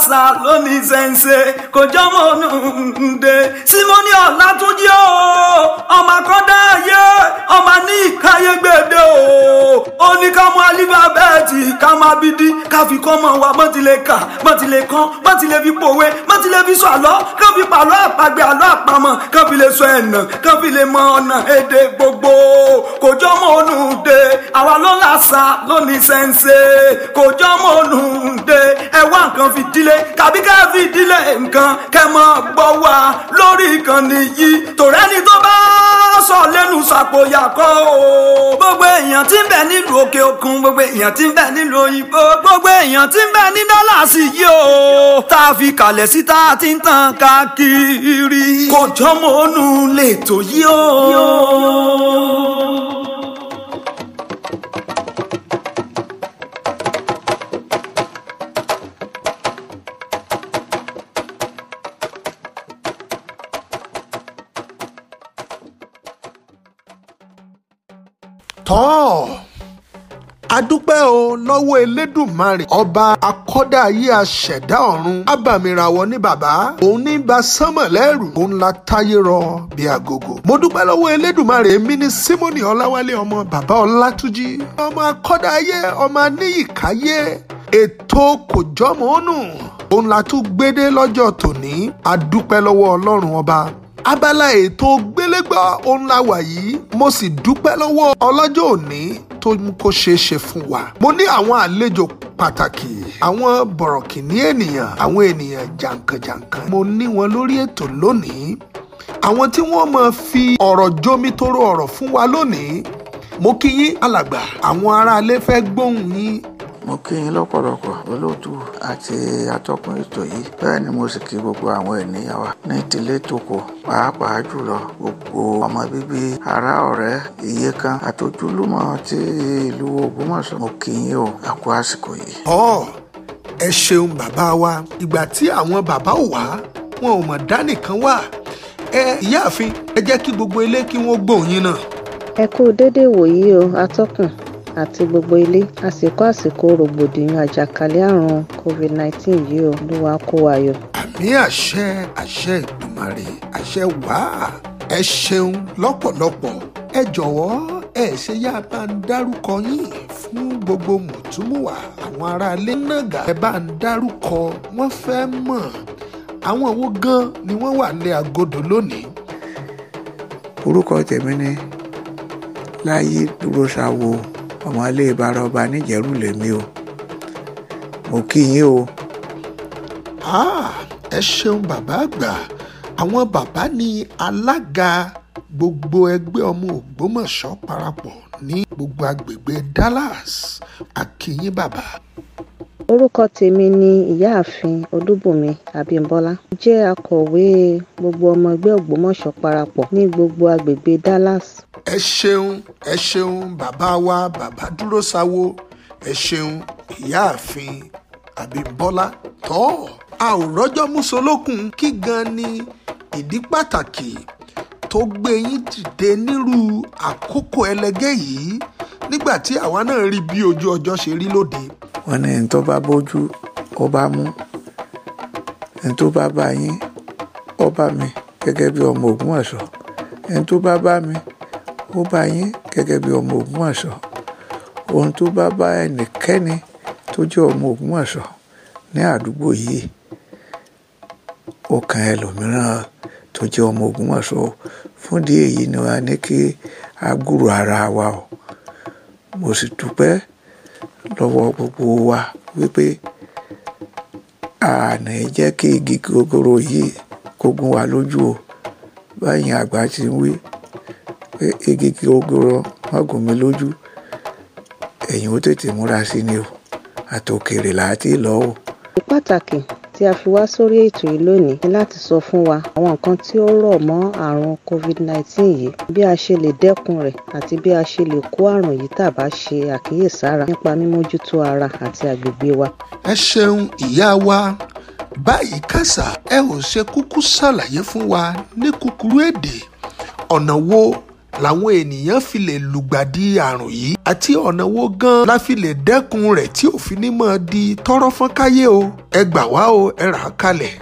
àṣà lónìí ṣẹ̀ǹṣẹ̀ kò jọmọ nùdẹ símọ́nì ọ̀làtúnjì o ọmọ akọ́dá ayé ọmọ ní ìkáyé gbèdé o ó ní ká mú alífábẹ́ẹ̀tì ká má bídí ká fi kọ́ mọ́ wa mọ́tìlẹ̀ kà mọ́tìlẹ̀ kan mọ́tìlẹ̀ fi pòwe mọ́tìlẹ̀ fi sọ àlọ́ ká fi pàlọ́ àpagbé àlọ́ àpamọ́ ká fi lè sọ ẹ̀nà ká fi lè mọ ọ̀nà èdè gbogbo kò jọmọ nùdẹ àwa ló làṣà lónìí ṣẹ̀ǹṣẹ̀ kò jọmọ nùdẹ ẹ̀wá nǹkan fi dílé ìdílé tàbí ká fi ìdílé nǹkan kẹ́ mọ́ gbọ́ wá lórí ìkànnì yìí tòrẹ́ni tó bá sọ lẹ́nu sàpòyàkọ́ o. gbogbo èèyàn tí ń bẹ nílùú òkè òkun gbogbo èèyàn tí ń bẹ nílùú òyìnbó gbogbo èèyàn tí ń bẹ ní dọ́làsì yìí o. tá a fi kalẹ̀ sí ti ń tàn káàkiri. kò jọ́mọ́ lè tó yí o. lọ́wọ́ elédùnmarè ọba akọ́dá ayé aṣẹ̀dá ọ̀run abàmìràwọ̀ ní bàbá òun ní bá sánmọ̀ lẹ́rù òun la táyé rọ bí agogo. mo dúpẹ́ lọ́wọ́ elédùnmarè mi ní símónì ọláwálé ọmọ bàbá ọlátúnjí ọmọ akọ́dá ayé ọmọ aníyìkáyé ètò kòjọ́mọ́nù òun la tún gbédé lọ́jọ́ tòní adúpẹ́ lọ́wọ́ ọlọ́run ọba abala ètò gbélégbá òun la wà yìí mo sì dúpẹ́ lọ́wọ́ ọlọ́jọ́ òní tó mú kó ṣeé ṣe fún wa. mo ní àwọn àlejò pàtàkì àwọn bọ̀rọ̀kìnní ènìyàn àwọn ènìyàn jàǹkànjàǹkàn mo ní wọn lórí ètò lónìí àwọn tí wọ́n máa fi ọ̀rọ̀ jómitoro ọ̀rọ̀ fún wa lónìí mo kí yín alàgbà àwọn aráalé fẹ́ gbóhùn yín mo kí yín lọ́pọ̀lọpọ̀ olóòtú àti atọ́kùn ètò yìí bẹ́ẹ̀ ni mo sì kí gbogbo àwọn ènìyàn wa ní tilé tòkó pàápàá jùlọ gbogbo ọmọ bíbí ará ọ̀rẹ́ iye kan àtòjúlùmọ̀ ti ìlú Ògbómọ̀ṣọ́ mo kí yín o àkó àsìkò yìí. ọ ẹ ṣeun bàbá wa ìgbà tí àwọn bàbá ò wá wọn ò mọ̀ dánìkan wà ẹ ìyáàfin ẹ jẹ́ kí gbogbo ilé kí wọ́n gbóhùn yín náà. ẹ kú déédéé wòyí o atọ́kùn àti gbogbo ilé àsìkò àsìkò rògbòdìyàn àjàkálẹ̀ àrùn covid-19 yìí ó lúwa kó wa yọ. àmì àṣẹ àṣẹ ìdùmarè àṣẹ wàá ẹ ṣeun lọ́pọ̀lọpọ̀ ẹ jọ̀wọ́ ẹ ṣe yá bá ń dárúkọ yín fún gbogbo mùtúmùwà àwọn aráalé nàgà ẹ bá ń dárúkọ wọ́n fẹ́ mọ̀ àwọn wo gan ni wọ́n wà lé agodo lónìí. orúkọ tèmi ni láyé dúró ṣáwó ọmọ ilé ìbára ọba níjẹ̀rù lèmi o mo kí yín o. Ah, ẹ ṣeun bàbá àgbà àwọn bàbá ni alága gbogbo ẹgbẹ́ ọmọ Ògbómọ̀ṣọ́ parapọ̀ ní gbogbo agbègbè Dallas a kí yín bàbá. Orúkọ tèmi ni Ìyáàfin Olúbùnmi Abímbọ́lá. Mo jẹ́ akọ̀wé gbogbo ọmọ ẹgbẹ́ Ògbómọ̀ṣọ́ parapọ̀ ní gbogbo agbègbè Dallas. Ẹ ṣeun, ẹ ṣeun bàbá wa bàbá dúró sáwó. Ẹ ṣeun Ìyáàfin Abímbọ́lá. Tọ́ a ò rọ́jọ́ músolókun kí gan ni ìdí pàtàkì tó gbé yín dìde nírú àkókò ẹlẹgẹ́ yìí nígbà tí àwa náà rí bí ojú ọjọ́ ṣe rí lóde wọ́n ní ní tó bá bójú ó bá mú ní tó bá bá yín ó bá mi gẹ́gẹ́ bí ọmọ ògùn ọ̀ṣọ́ ní tó bá bá mi ó bá yín gẹ́gẹ́ bí ọmọ ògùn ọ̀ṣọ́ ohun tó bá bá ẹnikẹ́ni tó jẹ́ ọmọ ògùn ọ̀ṣọ́ ní àdúgbò yìí ó kan ẹlòmíràn tó jẹ́ ọmọ ogun ọ̀ṣọ́ fúndì èyí ni wọ́n á ní kí a ara wa o mo sì dúpẹ́ lọ́wọ́ gbogbo wa wípé àní jẹ́ kí igi gogoro yìí kó gún wa lójú o báyìí àgbà ti ń wí pé igi gogoro má gún mi lójú ẹ̀yin ó tètè múra sí ni o àtòkèrè làá ti lọ pàtàkì tí a fi wá sórí ètò yìí lónìí ni láti sọ fún wa àwọn nǹkan tí ó rọ̀ mọ́ àrùn covid-19 yìí bí a ṣe lè dẹ́kun rẹ̀ àti bí a ṣe lè kó àrùn yìí tá bá ṣe àkíyèsára nípa mímójútó ara àti agbègbè wa. ẹ ṣeun ìyá wa báyìí kàṣà ẹ ò ṣe kúkú ṣàlàyé fún wa ní kúkúrú èdè ọ̀nà wo làwọn ènìyàn fi lè lùgbàdì àrùn yìí àti ọ̀nà wo gan la fi lè dẹ́kun rẹ̀ tí òfin ní mọ̀ di tọ́rọ́ fọ́n o ẹ gbà wá o ẹ rà á kalẹ̀.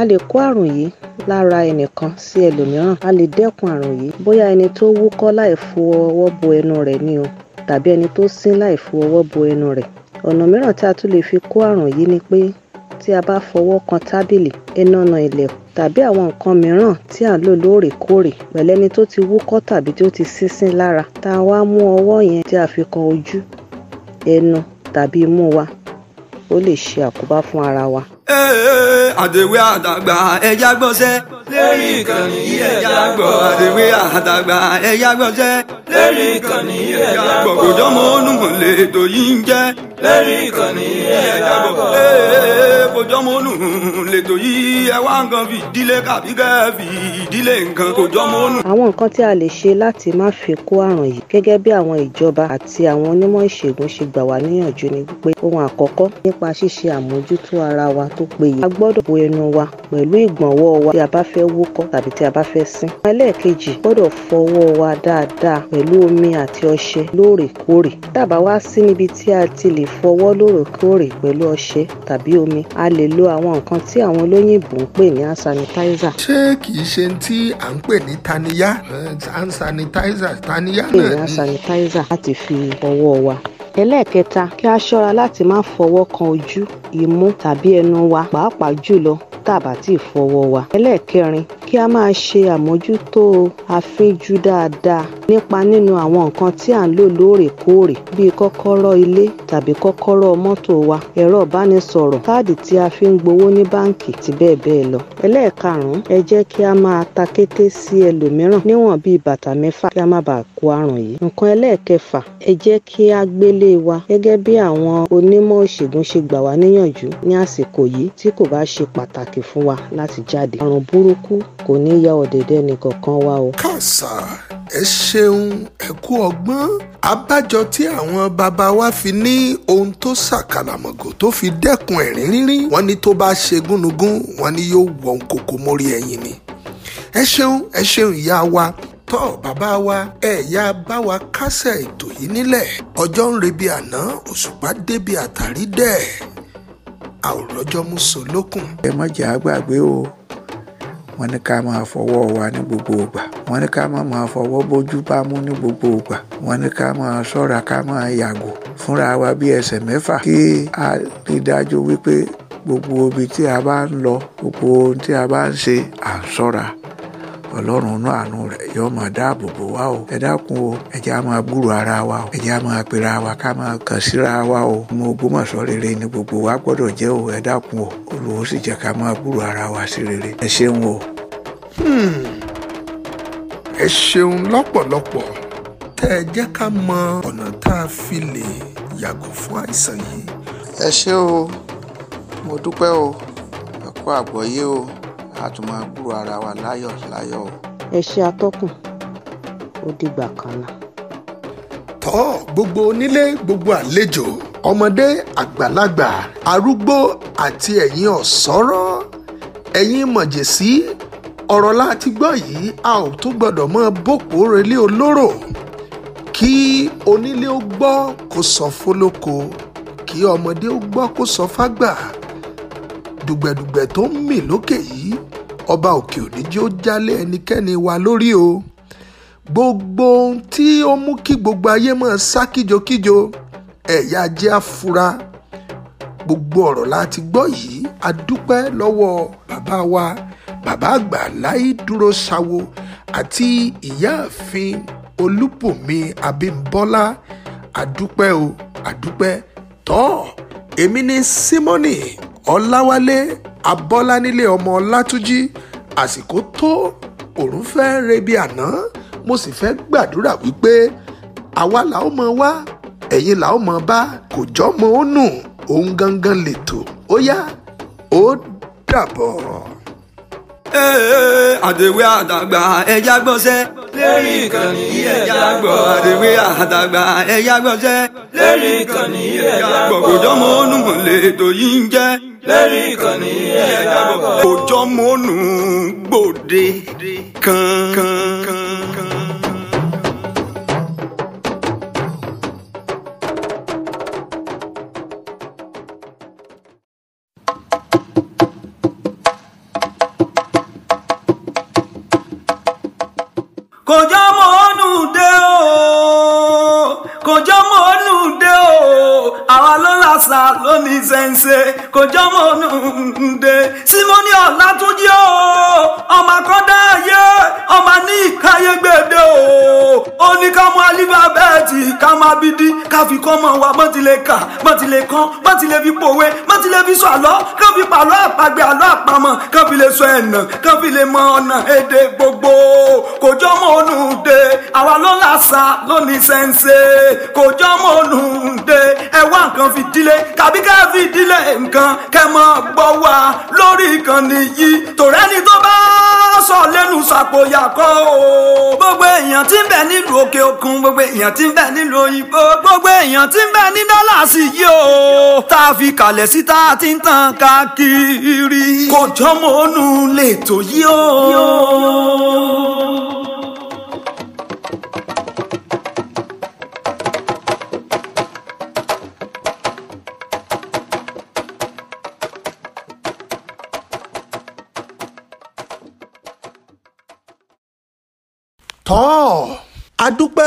a lè kó àrùn yìí lára ẹnìkan sí ẹlòmíràn a lè dẹ́kun àrùn yìí bóyá ẹni tó wúkọ́ láì fo ọwọ́ bo ẹnu rẹ̀ ni o tàbí ẹni tó sín láì fo ọwọ́ bo ẹnu rẹ̀ ọ̀nà mìíràn tí a tún lè fi kó àrùn yìí ni pé tí a bá fọwọ́ kan tábìlì ẹnànà ilẹ̀kùn tàbí àwọn nǹkan mìíràn tí à ń lò lóòrèkóòrè pẹ̀lú ẹni tó ti wúkọ́ tàbí tó ti sínsín lára tá a wá mú ọwọ́ yẹn tí a fi kan ojú ẹnu tàbí imú wa ó lè ṣe àkóbá fún ara wa. Eh, àdèwé àdàgbà ẹ̀yà gbọ́nsẹ́ lérí ìkànnì yìí ẹ̀yà gbọ́. àdèwé àdàgbà ẹ̀yà gbọ́nsẹ́ lérí ìkànnì yìí ẹ̀yà gbọ́. gbọ̀gbọ̀dọ́mọ́ onúmọ̀lẹ́ ètò yìí ń jẹ́ lórí ìkànnì ẹ̀ka gbọ̀. kò jọmọ olùn lètò yìí ẹ wá nǹkan fi ìdílé kàbí kẹ́ fi ìdílé nǹkan kò jọmọ olùn. àwọn nǹkan tí a lè ṣe láti má fi kó àrùn yìí gẹ́gẹ́ bí àwọn ìjọba àti àwọn onímọ̀ ìṣègùn ṣe gbà wá níyànjú ni pé ohun àkọ́kọ́ nípa ṣíṣe àmójútó ara wa tó péye a gbọ́dọ̀ bo ẹnu wa pẹ̀lú ìgbọ̀nwọ́ wa tí a bá fẹ́ wúkọ́ tàbí tí a bá fẹ́ sín. ẹlẹ́ẹ̀kejì gbọ́dọ̀ fọwọ́ wa dáadáa pẹ̀lú omi àti ọṣẹ lóòrèkóòrè tá a bá wá sí níbi tí a ti lè fọwọ́ lóòrèkóòrè pẹ̀lú ọṣẹ tàbí omi. A lè lo àwọn nǹkan tí àwọn olóyìnbó ń pè ní hand sanitizer. ṣé kìí ṣe tí à ń pè ní taniya hand sanitizer taniya náà ni. pè sanitizer láti fi ọwọ́ wa ẹlẹ́ẹ̀kẹta kí a ṣọ́ra láti má fọwọ́ kan ojú imú tàbí ẹnu wa pàápàá jùlọ tá a bá fọwọ́ wa. ẹlẹ́ẹ̀kẹrin kí a máa ṣe àmójútó àfínjú dáadáa nípa nínu àwọn nǹkan tí à ń lò lóòrèkóòrè bíi kọ́kọ́rọ́ ilé tàbí kọ́kọ́rọ́ mọ́tò wa ẹ̀rọ ìbánisọ̀rọ̀ káàdì tí a fi ń gbowó ní báǹkì àti bẹ́ẹ̀ bẹ́ẹ̀ lọ. ẹlẹ́ẹ̀karùn-ún ẹ jẹ́ kí a máa ta kété sí ẹlòmíràn níwọ̀n bíi bàtà mẹ́fà kí a má bàa kó àrùn yìí. nǹkan ẹlẹ́ẹ̀kẹfà ẹ jẹ́ kí a gbélé wa gẹ́gẹ́ bí àwọn onímọ̀ òṣègùn ṣe gbà wá níyànjú ní àsìkò yìí tí kò bá ṣe pàtàkì fún wa láti jáde. àrùn burúkú kò ní ya ọ̀dẹ̀dẹ̀ ẹnìkọ̀ọ̀kan wa o. kàṣà ẹ ṣeun ẹ kú ọgbọ́n abájọ tí àwọn bàbá wa fi ní ohun tó ṣàkàlàmọ̀gò tó fi dẹ́kun ẹ̀rín rínrín wọ́n ní tó bá ṣe gúnugún wọ́n ní yóò wọ ohun kòkó mórí ẹ̀yìn ni ẹ ṣeun ẹ ṣeun ìyá wa tọ́ bàbá wa ẹ̀yà bá wa kásẹ̀ ètò yìí nílẹ̀ ọjọ́ ń rebi àná òṣùpá débi àtàrí dẹ̀ àwòrán ọjọ́ mú so lókun. ẹ má jẹ́ àgbàgbé o wọ́n ní ká máa fọwọ́ wa ní gbogbo ìgbà wọ́n ní ká máa máa fọwọ́ bójú bá mú ní gbogbo ìgbà wọ́n ní ká máa ṣọ́ra ká máa yàgò fúnra wa bí ẹsẹ̀ mẹ́fà kí a rí dájú wípé gbogbo ibi tí a bá ń lọ gbogbo ohun tí a bá ń ṣe à ń ṣọ́ra ọlọ́run inú àánú rẹ̀ yóò máa dáàbò bò wá o ẹ dákun o ẹ jẹ́ á máa gbúrò ara wa o ẹ jẹ́ á máa pera wa ká máa kàn síra wa o ọmọ Ògbómọ̀ṣọ́ rere ni gbogbo wa gbọ́dọ̀ jẹ́ o ẹ dákun o Olúwo sì jẹ́ ká máa gbúrò ara wa sí rere ẹ ṣeun o. Hmm. ẹ ṣeun lọ́pọ̀lọpọ̀ tẹ́ ẹ jẹ́ ká mọ ọ̀nà tá a fi lè yàgò fún àìsàn yìí. ẹ ṣé o mo dúpẹ́ o ẹ kú àgbọ́yé o a tún máa kúrò ara wa láyọ̀ láyọ̀ o. ẹ ṣe atọ́kùn ó dìgbà kan náà. tọ́ gbogbo onílé gbogbo àlejò ọmọdé àgbàlagbà arúgbó àti ẹ̀yin ọ̀sọ́rọ́ ẹ̀yin mọ̀jẹ̀sí ọ̀rọ̀ láti gbọ́ yìí a ò tún gbọ́dọ̀ mọ́ bòpò relé olóró kí onílé ó gbọ́ kó sọ fólóko kí ọmọdé ó gbọ́ kó sọ fágbà dùgbẹ̀dùgbẹ̀ tó ń mì lókè yìí ọba òkè òní jẹ́ ó jálé ẹnikẹ́ni wa lórí o gbogbo ohun tí ó mú kí gbogbo ayé máa sá kíjokíjo ẹ̀yà jẹ́ àfura gbogbo ọ̀rọ̀ láti gbọ́ yìí a dúpẹ́ lọ́wọ́ bàbá wa bàbá àgbà láì dúró ṣàwo àti ìyáàfin olúbùnmi abímbọ́lá a o a dúpẹ́ tọ́ èmi ni símọ́nì ọláwálé abọ́lánílé ọmọ ọlátúnjí àsìkò tó òrùn fẹ́ rebi àná mo sì fẹ́ gbàdúrà wípé àwa làó mọ wá ẹ̀yin làó mọ bá kò jọ́ mọ ó nù òun gangan lètò ó yá ó dàbọ̀. ee eh, eh, àdèwé àdàgbà ẹja gbọ́nsẹ́ lérí ìkànnì yìí ẹ̀yà gbọ́ àdèwé àtàgbà ẹ̀yà gbọ́ jẹ́ lérí ìkànnì yìí ẹ̀yà gbọ́ kò jọ́ mọ́ onúmọ̀ lètò yìí ń jẹ́ lérí ìkànnì yìí gbọ́ kò jọ́ mọ́ gbòde kan kan. llamo àṣà lónìí ṣẹ̀ǹṣẹ̀ kò jọmọ nùdẹ símọ́nì ọ̀làtúnjì o ọmọ akọ́dá ayé ọmọ ní ìkáyé gbèdé o ó ní ká mú alífábẹ́ẹ̀tì ká má bídí ká fi kọ́ mọ́ wa mọ́tìlẹ̀ kà mọ́tìlẹ̀ kan mọ́tìlẹ̀ fi pòwe mọ́tìlẹ̀ fi sọ àlọ́ ká fi pàlọ́ àpagbé àlọ́ àpamọ́ ká fi lè sọ ẹ̀nà ká fi lè mọ ọ̀nà èdè gbogbo kò jọmọ nùdẹ àwa ló làṣà lónìí ṣẹ̀ǹṣẹ̀ kò jọmọ nùdẹ ẹ̀wá nǹkan fi dílé ìdílé tàbí ká fi ìdílé nǹkan kẹ́ mọ́ gbọ́ wá lórí ìkànnì yìí tòrẹ́ni tó bá sọ lẹ́nu sàpòyàkọ́ o. gbogbo èèyàn tí ń bẹ nílùú òkè òkun gbogbo èèyàn tí ń bẹ nílùú òyìnbó gbogbo èèyàn tí ń bẹ ní dọ́làsì yìí o. tá a fi kalẹ̀ sí ti ń tàn káàkiri. kò jọ́mọ́ ònú lè tó yí o.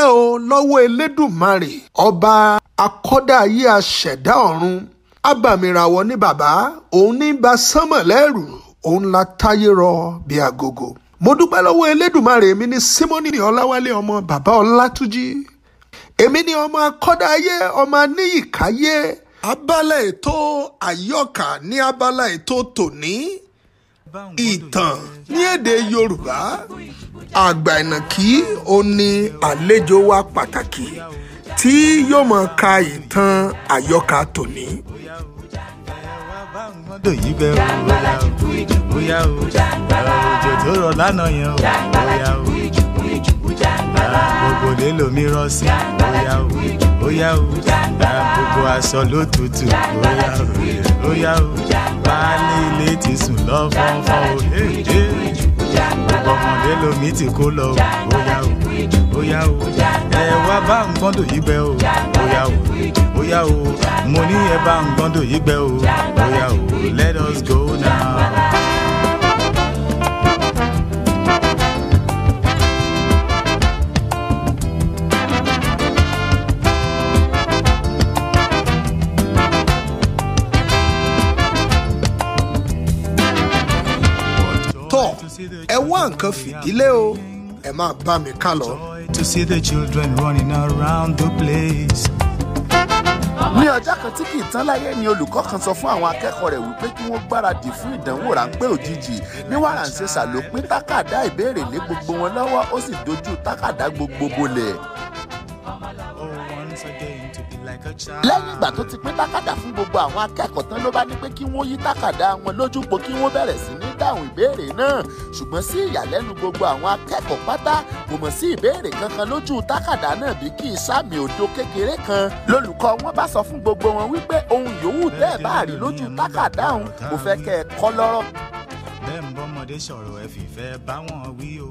dúpẹ́ o lọ́wọ́ elédùmarè ọba akọ́dáyé aṣẹ̀dá ọ̀run abàmìràwọ̀ ní bàbá òun ní bá sánmọ̀ lẹ́rù òun la táyé rọ bí agogo mo dúpẹ́ lọ́wọ́ elédùmarè mi ní símónì ọláwálé ọmọ bàbá ọlátúnjí èmi ni ọmọ akọ́dáyé ọmọ aníyìkáyé abala ètò àyọkà ní abala ètò tòní ìtàn ní èdè yorùbá àgbà ìnàkí ó ní àlejò wa pàtàkì tí yóò máa ka ìtàn àyọkà tòní. ọdún yìí bẹ bóyá o bóyá o òjò tó rọ̀ lánàá yẹn o bóyá o ara gbogbo lè lomi rán sí óyá o óyá o ara gbogbo aṣọ lótútù óyá o óyá o baálé ilé ti sùn lọ́fọ́nfọ́ o èdè gbogbo ọmọdé lomi ti kó lọ óyá o óyá o ẹ wá bá nǹkan dò yí gbẹ o óyá o óyá o mo ní ẹ bá nǹkan dò yí gbẹ o óyá o let us go. nǹkan fìdílé o ẹ máa bá mi ká lọ. to see the children running around the place. ní ọjọ́ kan tí kì í tán láyé ni olùkọ́ kan sọ fún àwọn akẹ́kọ̀ọ́ rẹ̀ wípé kí wọ́n gbáradì fún ìdánwò ráńpẹ́ òjijì ní wàràǹṣeṣà ló pín tákàdá ìbéèrè lé gbogbo wọn lọ́wọ́ ó sì dojú tákàdá gbogbo bolẹ̀ oh, lẹ́yìn ìgbà tó ti pín tákàdá fún gbogbo àwọn akẹ́kọ̀ọ́ tán ló bá ní pé kí wọ́n yí tákàdá wọn lójúpo kí wọ́n bẹ̀rẹ̀ sí ní dáhùn ìbéèrè náà ṣùgbọ́n sí ìyàlẹ́nu gbogbo àwọn akẹ́kọ̀ọ́ pátá kò mọ̀ sí ìbéèrè kankan lójú tákàdá náà bí kì í òdo kékeré kan lólùkọ́ wọn bá sọ fún gbogbo wọn wípé ohun yòówù tẹ́ẹ̀ bá rí lójú tákàdá òun kò fẹ́ kẹ́ ẹ kọ́ lọ́rọ̀. bẹ́ẹ̀ ń bọ́mọdé sọ̀rọ̀ ẹ fìfẹ́ bá wí o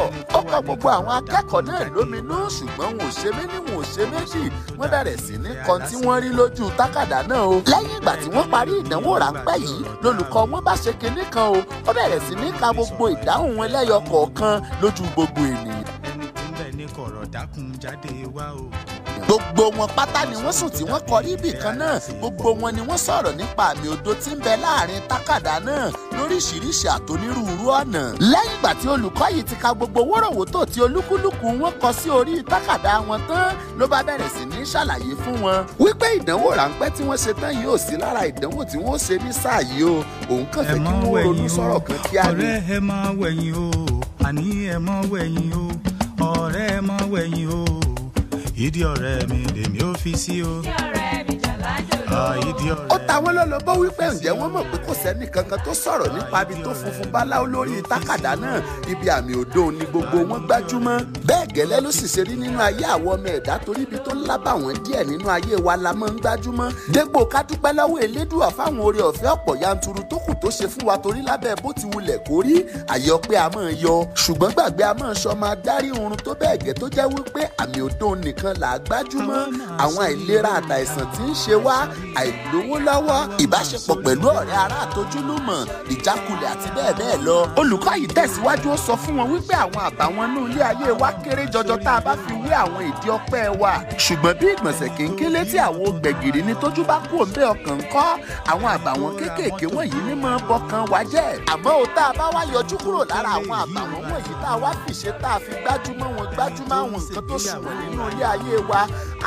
ó kọ́ gbogbo àwọn akẹ́kọ̀ọ́ náà lóminú ṣùgbọ́n wọn ò ṣe méjì wọn ò ṣe méjì wọ́n bẹ̀rẹ̀ sí ní kan tí wọ́n rí lójú tákàdá náà o. lẹ́yìn ìgbà tí wọ́n parí ìdánwò ráńpẹ́ yìí lolùkọ́ wọn bá ṣe kinní kan o ó bẹ̀rẹ̀ sí ní ka gbogbo ìdáhùn wọn lẹ́yọ kọ̀ọ̀kan lójú gbogbo ènìyàn. ẹni tí ń bẹ ní kọ̀rọ̀ dákun jáde wá o gbogbo wọn pátá ni wọ́n sùn tí wọ́n kọrí ibì kan náà gbogbo wọn ni wọ́n sọ̀rọ̀ nípa àmì odò tí ń bẹ láàrin tákàdá náà lóríṣiríṣi àtonírúurú ọ̀nà. lẹ́yìn ìgbà tí olùkọ́ yìí ti ka gbogbo wórówótó tí olúkúlùkù wọn kọ sí orí tákàdá wọn tán ló bá bẹ̀rẹ̀ sí ní ṣàlàyé fún wọn. wípé ìdánwò ráńpẹ́ tí wọ́n ṣe tán yìí ò sí lára ìdánwò tí wọ́n ṣe ní sáà yìí o òun kàn fẹ́ kí wọ́n ronú sọ̀rọ̀ kan kíá ni. ọ̀rẹ́ ẹ máa wẹ̀yìn o àní ẹ máa wẹ̀yìn o ọ̀rẹ́ ẹ máa wẹ̀yìn o ìdí ọ̀rẹ́ mi lèmi ò fi sí o. ìdí ọ̀rẹ́ ó tàwọn lọ́lọ́bọ́ wípé ǹjẹ́ wọ́n mọ̀ pé kò sẹ́ni tó sọ̀rọ̀ nípa ibi tó funfun báláwo lórí tákàdá náà ibi àmì òdo ni gbogbo wọn gbájúmọ́ bẹ́ẹ̀ gẹ́lẹ́ ló sì ṣe rí nínú ayé àwọn ọmọ ẹ̀dá torí ibi tó ńlá bá wọn díẹ̀ nínú ayé wa la máa ń gbájúmọ́ dégbò ká dúpẹ́ lọ́wọ́ Elédùà fáwọn oore ọ̀fẹ́ ọ̀pọ̀ yanturu tó kù tó ṣe fún wa torí lábẹ́ bó ti wulẹ̀ kó rí àyọ pé a máa yọ ṣùgbọ́n gbàgbé a máa sọ àìlówó lọ́wọ́ ìbáṣepọ̀ pẹ̀lú ọ̀rẹ́ ará àtojúlùmọ̀ ìjákulẹ̀ àti bẹ́ẹ̀ bẹ́ẹ̀ lọ. olùkọ́ yìí tẹ̀síwájú ó sọ fún wọn wípé àwọn àbàwọn inú ilé ayé wa kéré jọjọ tá a bá fi wé àwọn ìdí ọpẹ́ wa. ṣùgbọ́n bí ìgbọ̀nsẹ̀ kéńkélé tí àwọn gbẹ̀gìrì ni tójú bá kú òǹbẹ́ ọkàn kọ́ àwọn àbàwọn kéékèèké wọ̀nyí ní mọ́ bọkàn wa jẹ́. àmọ́ o tá a bá wá yọjú kúrò lára àwọn àbàwọn wọ̀nyí tá a wá fìṣe tá a fi gbájúmọ́ wọn gbájúmọ́ àwọn nǹkan tó sùn nínú ilé ayé wa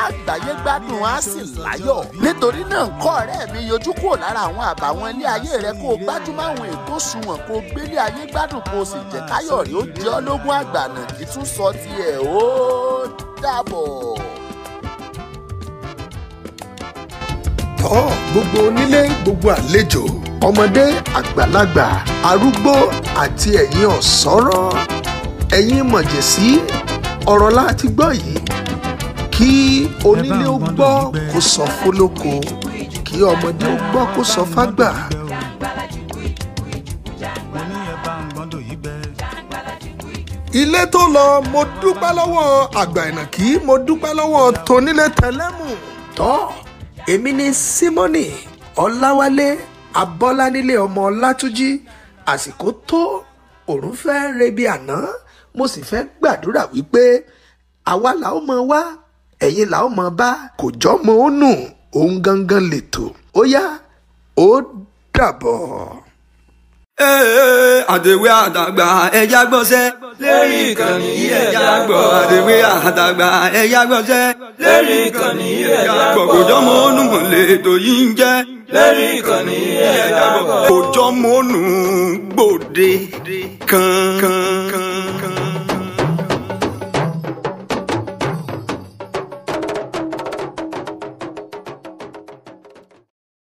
àgbáyé gbádùn á sì láyọ̀ nítorí náà kọ́ ọ̀rẹ́ mi yọjú kúrò lára àwọn àbàwọn ilé ayé rẹ kó o gbájúmọ́ àwọn ètò sunwọ̀n kó o gbélé ayé gbádùn kó o sì jẹ́ káyọ̀rí ó jẹ́ ológun àgbànà kí tún sọ tiẹ̀ ó dàbọ̀. tọ́ gbogbo onílé gbogbo àlejò ọmọdé àgbàlagbà arúgbó àti ẹ̀yin ọ̀sọ́rọ̀ ẹ̀yin mọ̀jẹ̀sí ọ̀rọ̀ láti gbọ́ yìí kí onílé ó gbọ́ kó sọ fólóko kí ọmọdé ó gbọ́ kó sọ fágbà. ilé tó lọ mo dúpẹ́ lọ́wọ́ àgbà ìnàkí mo dúpẹ́ lọ́wọ́ tonílé tẹlẹ́mù. tọ́ èmi ni simoni ọláwálé abọ́lánilé ọmọ ọlátúnjí àsìkò tó òrùn fẹ́ rebi àná mo sì fẹ́ gbàdúrà wípé àwa làó mọ wá ẹ̀yin làwọn mọ̀ bá kò jọ́mọ ó nù òun gangan lètò ó yá ó dàbọ̀. àdèwé àdàgbà ẹja gbọ́nsẹ́ lérí ìkànnì yìí ẹja gbọ́ àdèwé àdàgbà ẹja gbọ́nsẹ́ lérí ìkànnì yìí ẹja gbọ́ kò jọ́mọ ó nù lètò yìí ń jẹ́ lérí ìkànnì yìí ẹja gbọ́ kò jọ́mọ ó nù gbòde kan.